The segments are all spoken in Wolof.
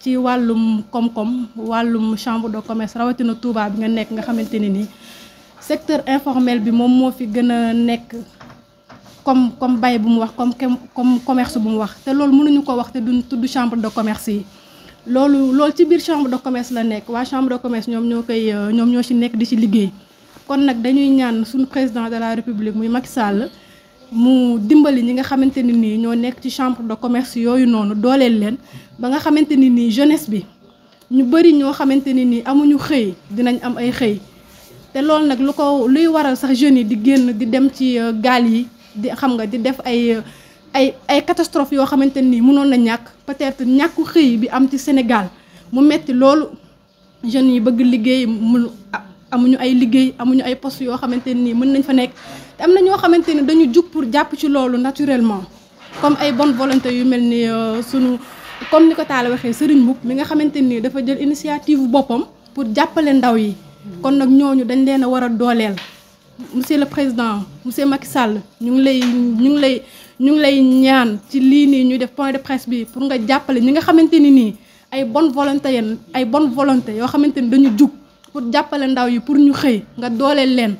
ci wàllum koom-koom wàllum chambre de commerce rawatina Touba bi nga nekk nga xamante ne nii secteur informel bi moom moo fi gën a nekk comme comme bay bu mu wax comme comme commerce bu mu wax te loolu mënuñu ko wax te duñ tudd chambre de commerce yi. loolu loolu ci biir chambre de commerce la nekk waa chambre de commerce ñoom ñoo koy ñoom ñoo ci nekk di ci liggéey kon nag dañuy ñaan suñu président de la république muy mag Sall. mu dimbali ñi nga xamante ni nii ñoo nekk ci chambre de commerce yooyu noonu dooleel leen ba nga xamante ni nii jeunesse bi ñu bëri ñoo xamante ne nii amuñu xëy dinañ am ay xëy te loolu nag lu ko luy waral sax jeunes yi di génn di dem ci euh, gaal yi di xam nga di def ay euh, ay ay catastrophe yoo xamante nii mënoon na ñàkk peut-être ñàkku xëy bi am ci Sénégal mu metti loolu jeunes yi bëgg liggéey mu amuñu ay liggéey amuñu ay poste yoo xamante nii mën nañ fa nekk am na ñoo xamante ni dañu jug pour jàpp ci loolu naturellement comme ay bonne volonté yu mel ni euh, sunu comme ni ko Talla waxee Serigne Mboup mi nga xamante nii dafa jël initiative boppam pour jàppale ndaw yi kon nag ñooñu dañ leen a war a dooleel monsieur le président monsieur Macky Sall ñu ngi lay ñu ngi lay ñu ngi lay ñaan ci lii nii ñuy def point de presse bi pour nga jàppale ñi nga xamante ni nii ay bonne volonté yenn ay bonne volonté yoo xamante ni dañu jug pour jàppale ndaw yi pour ñu xëy nga dooleel leen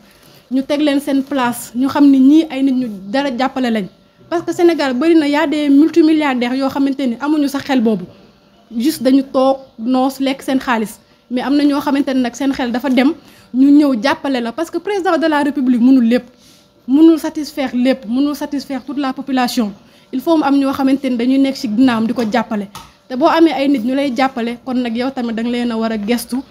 ñu teg leen seen place ñu xam ni ñii ay nit ñu dara jàppale lañ parce que Sénégal bëri na y a des multimilliardaires yoo xamante ni amuñu sax xel boobu juste dañu toog noos lekk seen xaalis mais am na ñoo xamante ne nag seen xel dafa dem ñu ñëw jàppale la parce que président de la république mënul lépp mënul satisfaire lépp mënul satisfaire toute la population il faut mu am ñoo xamante ni dañuy nekk ci ginnaawam di ko jàppale te boo amee ay nit ñu lay jàppale kon nag yow tamit da leen a war a gestu